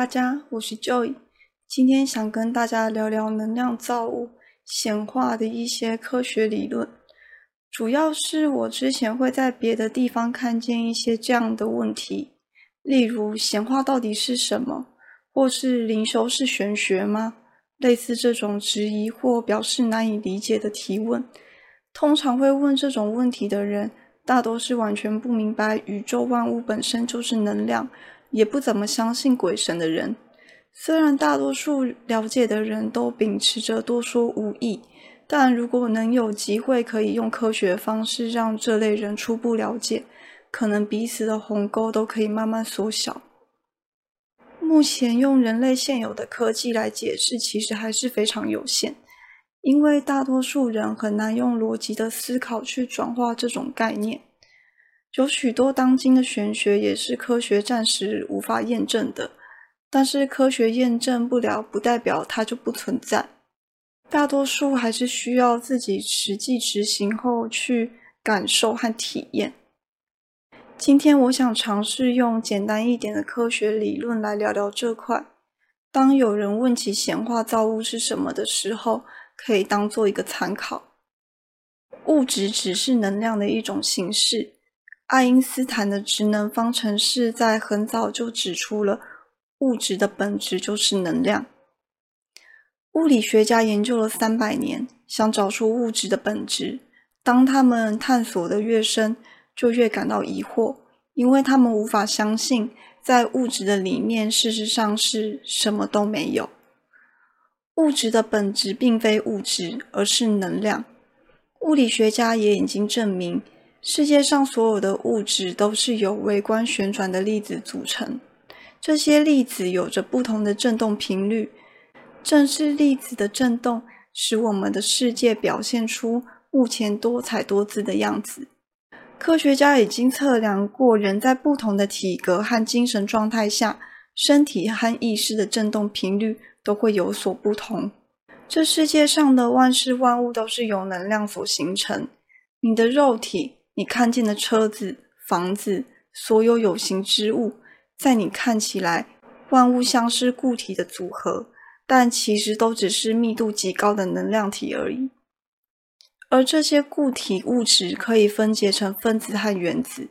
大家，我是 Joey，今天想跟大家聊聊能量造物顯化的一些科學理論。主要是我之前會在別的地方看見一些這樣的問題，例如顯化到底是什麼，或是靈修是玄學嗎？類似這種質疑或表示難以理解的提問，通常會問這種問題的人，大多是完全不明白宇宙萬物本身就是能量。也不怎麼相信鬼神的人，雖然大多數了解的人都秉持着多說無益，但如果能有機會可以用科學的方式讓這類人初步了解，可能彼此的鴻溝都可以慢慢縮小。目前用人類現有的科技來解釋，其實還是非常有限，因為大多數人很難用邏輯的思考去轉化這種概念。有許多當今的玄學也是科學暫時無法驗證的，但是科學驗證不了，不代表它就不存在。大多數還是需要自己實際執行後去感受和體驗。今天我想嘗試用簡單一點的科學理論來聊聊這塊。當有人問起“顯化造物”是什麼的時候，可以當做一個參考。物質只是能量的一種形式。愛因斯坦的質能方程式在很早就指出了物質的本質就是能量。物理學家研究了三百年，想找出物質的本質。當他們探索得越深，就越感到疑惑，因為他們無法相信，在物質的裡面事實上是什麼都沒有。物質的本質並非物質，而是能量。物理學家也已經證明。世界上所有的物質都是由微觀旋轉的粒子組成，這些粒子有着不同的振動頻率。正是粒子的振動，使我們的世界表現出目前多彩多姿的樣子。科學家已經測量過，人在不同的體格和精神狀態下，身體和意識的振動頻率都會有所不同。這世界上的萬事萬物都是由能量所形成，你的肉體。你看見的車子、房子，所有有形之物，在你看起來，萬物像是固體的組合，但其實都只是密度極高的能量體而已。而這些固體物質可以分解成分子和原子，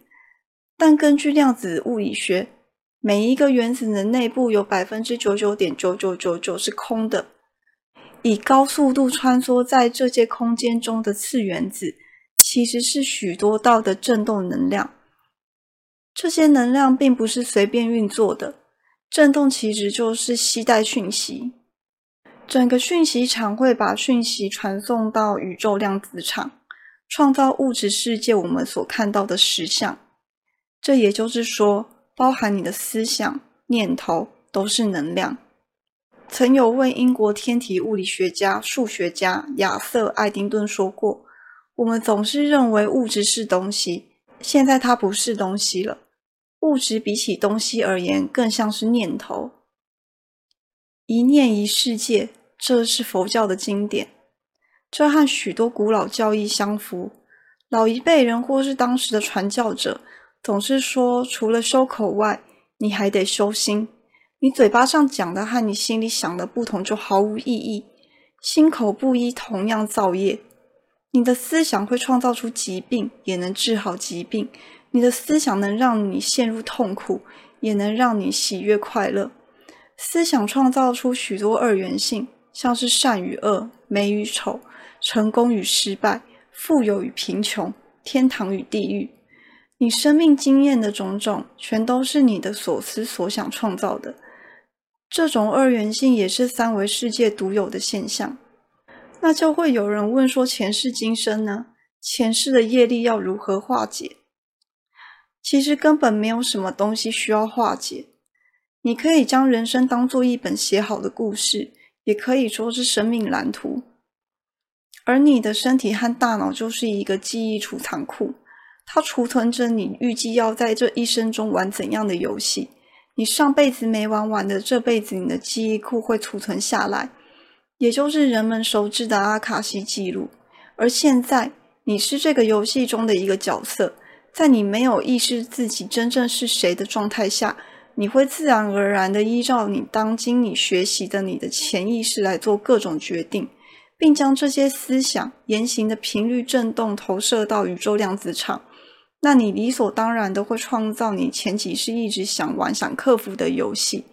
但根據量子物理學，每一個原子的內部有百分之九九點九九九九是空的，以高速度穿梭在這些空間中的次原子，其實是許多道的振動能量，這些能量並不是隨便運作的。振動其實就是攜帶訊息，整個訊息場會把訊息傳送到宇宙量子場，創造物質世界我們所看到的實相。這也就是說，包含你的思想念頭都是能量。曾有位英國天體物理學家、數學家亞瑟·愛丁頓說過。我們總是認為物質是東西，現在它不是東西了。物質比起東西而言，更像是念頭。一念一世界，這是佛教的經典，這和許多古老教義相符。老一輩人或是當時的傳教者總是說，除了修口外，你還得修心。你嘴巴上講的和你心裡想的不同，就毫無意義。心口不一，同樣造業。你的思想會創造出疾病，也能治好疾病；你的思想能讓你陷入痛苦，也能讓你喜悅快樂。思想創造出許多二元性，像是善與惡、美與醜、成功與失敗、富有與貧窮、天堂與地獄。你生命經驗的種種，全都是你的所思所想創造的。這種二元性也是三維世界獨有的現象。那就會有人問說：前世今生呢？前世的業力要如何化解？其實根本沒有什麼東西需要化解。你可以將人生當做一本寫好的故事，也可以說是生命藍圖。而你的身體和大腦就是一個記憶儲藏庫，它儲存着你預計要在這一生中玩怎樣的遊戲，你上輩子沒玩完的，這輩子你的記憶庫會儲存下來。也就是人們熟知的阿卡西記錄，而現在你是這個遊戲中的一個角色，在你沒有意識自己真正是誰的狀態下，你會自然而然地依照你當今你學習的你的潛意識來做各種決定，並將這些思想言行的頻率振動投射到宇宙量子場，那你理所當然的會創造你前幾世一直想玩想克服的遊戲，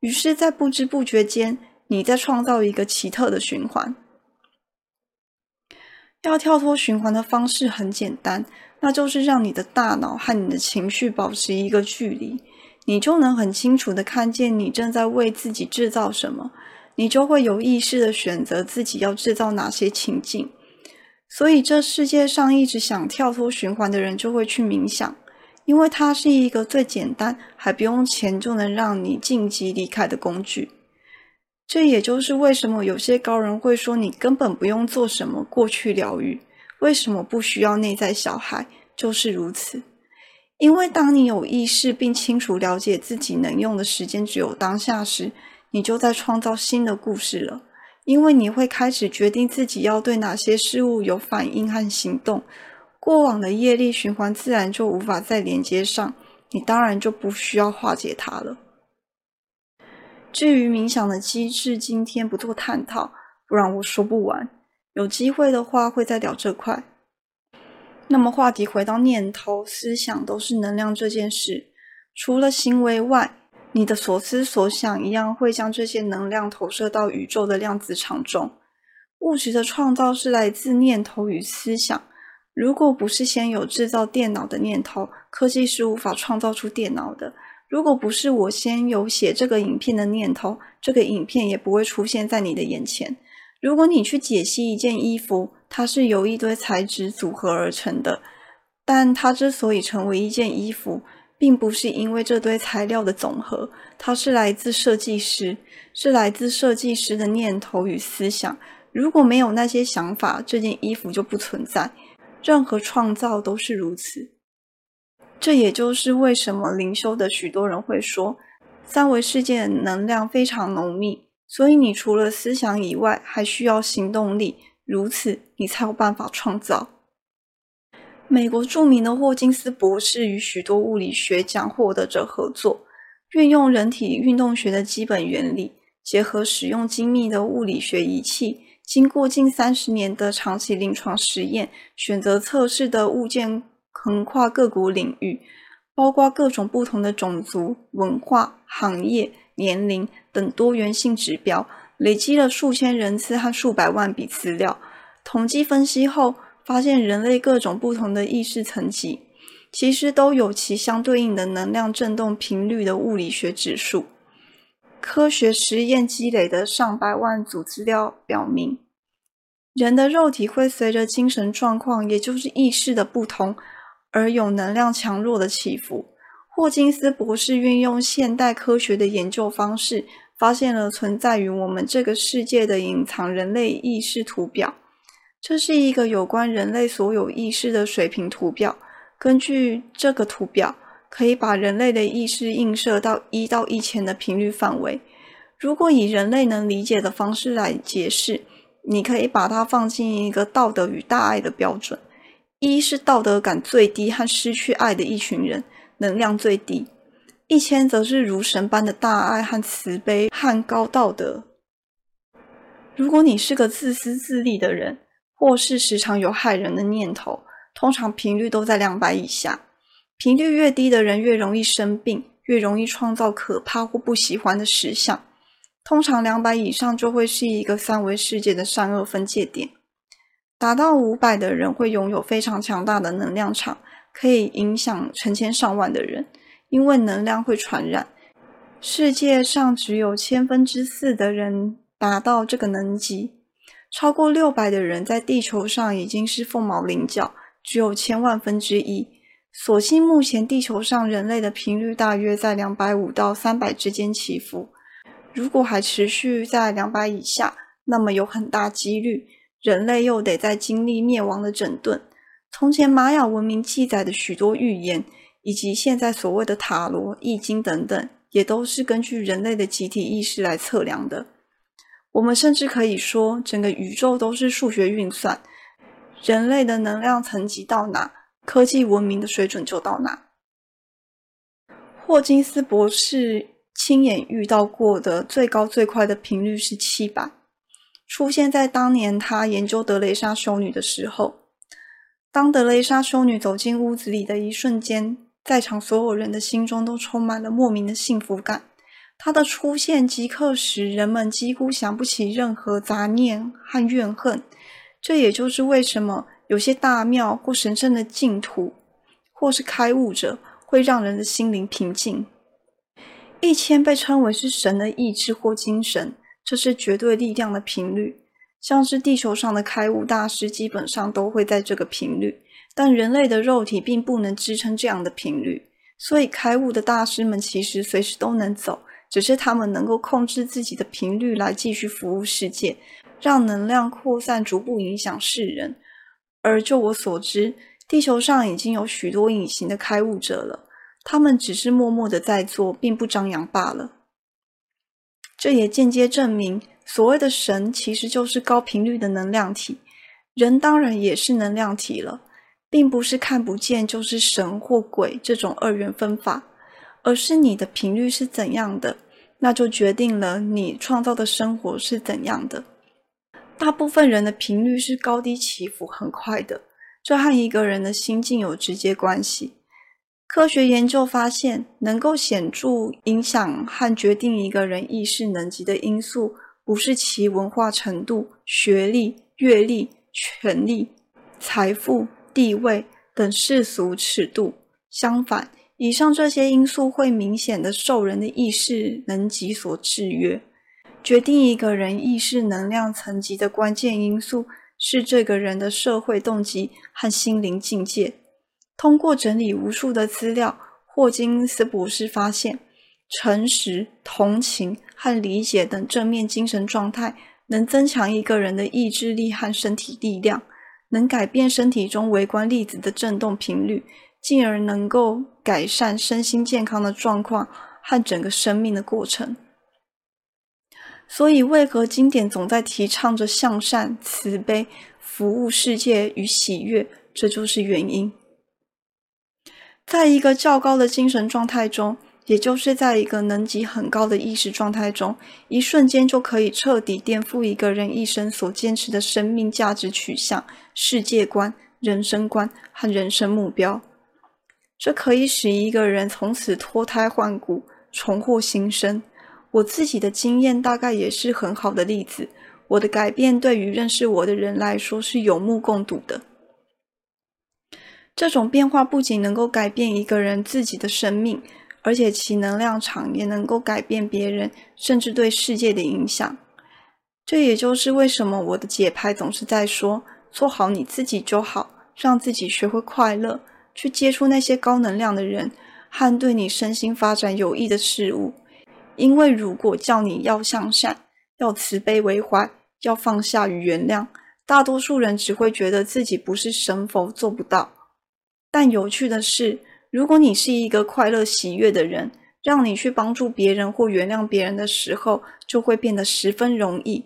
於是，在不知不覺間。你在創造一個奇特的循環。要跳脫循環的方式很簡單，那就是讓你的大腦和你的情緒保持一個距離，你就能很清楚的看見你正在為自己製造什麼，你就會有意識的選擇自己要製造哪些情境。所以，這世界上一直想跳脫循環的人就會去冥想，因為它是一個最簡單還不用錢就能讓你晉級離開的工具。這也就是為什麼有些高人會說，你根本不用做什麼過去療癒，為什麼不需要內在小孩，就是如此。因為當你有意識並清楚了解自己能用的時間只有當下時，你就在創造新的故事了。因為你會開始決定自己要對哪些事物有反應和行動，過往的業力循環自然就無法再連接上，你當然就不需要化解它了。至於冥想的機制，今天不做探討，不然我說不完。有機會的話，會再聊這塊。那麼話題回到念頭、思想都是能量這件事，除了行為外，你的所思所想一樣會將這些能量投射到宇宙的量子場中。物質的創造是來自念頭與思想。如果不是先有制造電腦的念頭，科技是無法創造出電腦的。如果不是我先有寫這個影片的念頭，這個影片也不會出現在你的眼前。如果你去解析一件衣服，它是由一堆材質組合而成的，但它之所以成為一件衣服，並不是因為這堆材料的總和，它是來自設計師，是來自設計師的念頭與思想。如果沒有那些想法，這件衣服就不存在。任何創造都是如此。這也就是為什麼靈修的許多人會說，三維世界能量非常濃密，所以你除了思想以外，還需要行動力，如此你才有辦法創造。美國著名的霍金斯博士與許多物理學獎獲得者合作，運用人體運動學的基本原理，結合使用精密的物理學儀器，經過近三十年的長期臨床實驗，選擇測試的物件。橫跨各國領域，包括各種不同的種族、文化、行業、年齡等多元性指標，累積了數千人次和數百萬筆資料。統計分析後，發現人類各種不同的意識層級，其實都有其相對應的能量振動頻率的物理學指數。科學實驗積累的上百萬組資料表明，人的肉體會隨着精神狀況，也就是意識的不同，而有能量強弱的起伏。霍金斯博士運用現代科學的研究方式，發現了存在於我們這個世界的隱藏人類意識圖表。這是一個有關人類所有意識的水平圖表。根據這個圖表，可以把人類的意識映射到一到一千的頻率範圍。如果以人類能理解的方式來解釋，你可以把它放進一個道德與大愛的標準。一是道德感最低和失去愛的一群人，能量最低；一千則是如神般的大愛和慈悲和高道德。如果你是個自私自利的人，或是時常有害人的念頭，通常頻率都在兩百以下。頻率越低的人越容易生病，越容易創造可怕或不喜歡的實相。通常兩百以上就會是一個三維世界的善惡分界點。達到五百的人會擁有非常強大的能量場，可以影響成千上萬的人，因為能量會傳染。世界上只有千分之四的人達到這個能級，超過六百的人在地球上已經是鳳毛麟角，只有千萬分之一。所幸目前地球上人類的頻率大約在兩百五到三百之間起伏，如果還持續在兩百以下，那麼有很大幾率。人類又得再經歷滅亡的整頓。從前瑪雅文明記載的許多預言，以及現在所謂的塔羅、易經等等，也都是根據人類的集體意識來測量的。我們甚至可以說，整個宇宙都是數學運算。人類的能量層級到哪，科技文明的水準就到哪。霍金斯博士親眼遇到過的最高最快的頻率是七百。出現在當年他研究德蕾莎修女的時候，當德蕾莎修女走進屋子裡的一瞬間，在場所有人的心中都充滿了莫名的幸福感。她的出現即刻使人們幾乎想不起任何雜念和怨恨。這也就是為什麼有些大廟或神聖的淨土，或是開悟者，會讓人的心靈平靜。一千被稱為是神的意志或精神。這是絕對力量的頻率，像是地球上的開悟大師，基本上都會在這個頻率。但人類的肉體並不能支撐這樣的頻率，所以開悟的大師們其實隨時都能走，只是他們能夠控制自己的頻率來繼續服務世界，讓能量擴散，逐步影響世人。而就我所知，地球上已經有許多隱形的開悟者了，他們只是默默的在做，並不張揚罷了。這也間接證明，所謂的神其實就是高頻率的能量體，人當然也是能量體了，並不是看不見就是神或鬼這種二元分法，而是你的頻率是怎樣的，那就決定了你創造的生活是怎樣的。大部分人的頻率是高低起伏很快的，這和一個人的心境有直接關係。科學研究發現，能夠顯著影響和決定一個人意識能級的因素，不是其文化程度、學歷、閱歷、權力、財富、地位等世俗尺度。相反，以上這些因素會明顯的受人的意識能級所制約。決定一個人意識能量層級的關鍵因素，是這個人的社會動機和心靈境界。通過整理無數的資料，霍金斯博士發現，誠實、同情和理解等正面精神狀態，能增強一個人的意志力和身體力量，能改變身體中微觀粒子的振動頻率，進而能夠改善身心健康的狀況和整個生命的過程。所以，為何經典總在提倡着向善、慈悲、服務世界與喜悅？這就是原因。在一個較高的精神狀態中，也就是在一個能級很高的意識狀態中，一瞬間就可以徹底顛覆一個人一生所堅持的生命價值取向、世界觀、人生觀和人生目標。這可以使一個人從此脫胎換骨，重獲新生。我自己的經驗大概也是很好的例子，我的改變對於認識我的人來說是有目共睹的。這種變化不僅能夠改變一個人自己的生命，而且其能量場也能夠改變別人，甚至對世界的影響。這也就是為什麼我的解牌總是在說：做好你自己就好，讓自己學會快樂，去接觸那些高能量的人，和對你身心發展有益的事物。因為如果叫你要向善，要慈悲為懷，要放下與原諒，大多數人只會覺得自己不是神佛做不到。但有趣的是，如果你是一個快樂、喜悅的人，讓你去幫助別人或原諒別人的時候，就會變得十分容易，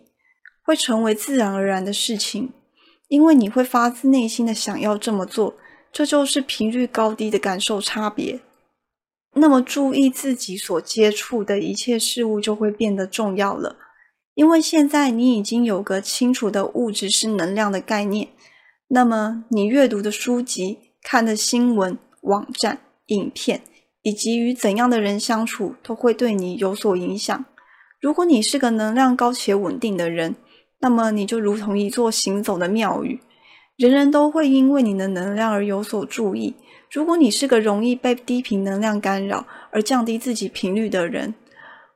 會成為自然而然的事情，因為你會發自內心的想要這麼做。這就是頻率高低的感受差別。那麼，注意自己所接觸的一切事物就會變得重要了，因為現在你已經有個清楚的物質是能量的概念。那麼，你閱讀的書籍。看的新聞、網站、影片，以及與怎樣的人相處，都會對你有所影響。如果你是個能量高且穩定的人，那麼你就如同一座行走的廟宇，人人都會因為你的能量而有所注意。如果你是個容易被低頻能量干擾而降低自己頻率的人，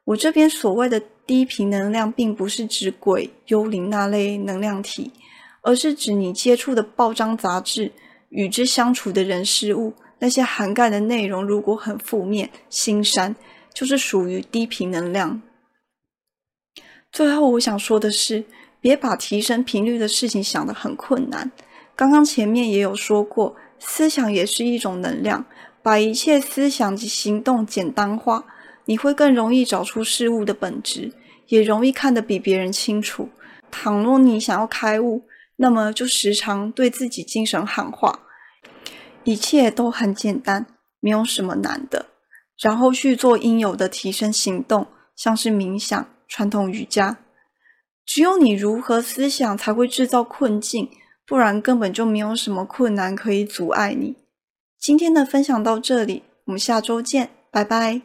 我這邊所謂的低頻能量，並不是指鬼、幽靈那類能量體，而是指你接觸的報章雜誌。與之相處的人、事物，那些涵蓋的內容，如果很負面、心善，就是屬於低頻能量。最後，我想說的是，別把提升頻率的事情想得很困難。剛剛前面也有說過，思想也是一種能量。把一切思想及行動簡單化，你會更容易找出事物的本質，也容易看得比別人清楚。倘若你想要開悟，那麼就時常對自己精神喊話，一切都很簡單，沒有什麼難的。然後去做應有的提升行動，像是冥想、傳統瑜伽。只有你如何思想才會製造困境，不然根本就沒有什麼困難可以阻礙你。今天的分享到這裡，我們下週見，拜拜。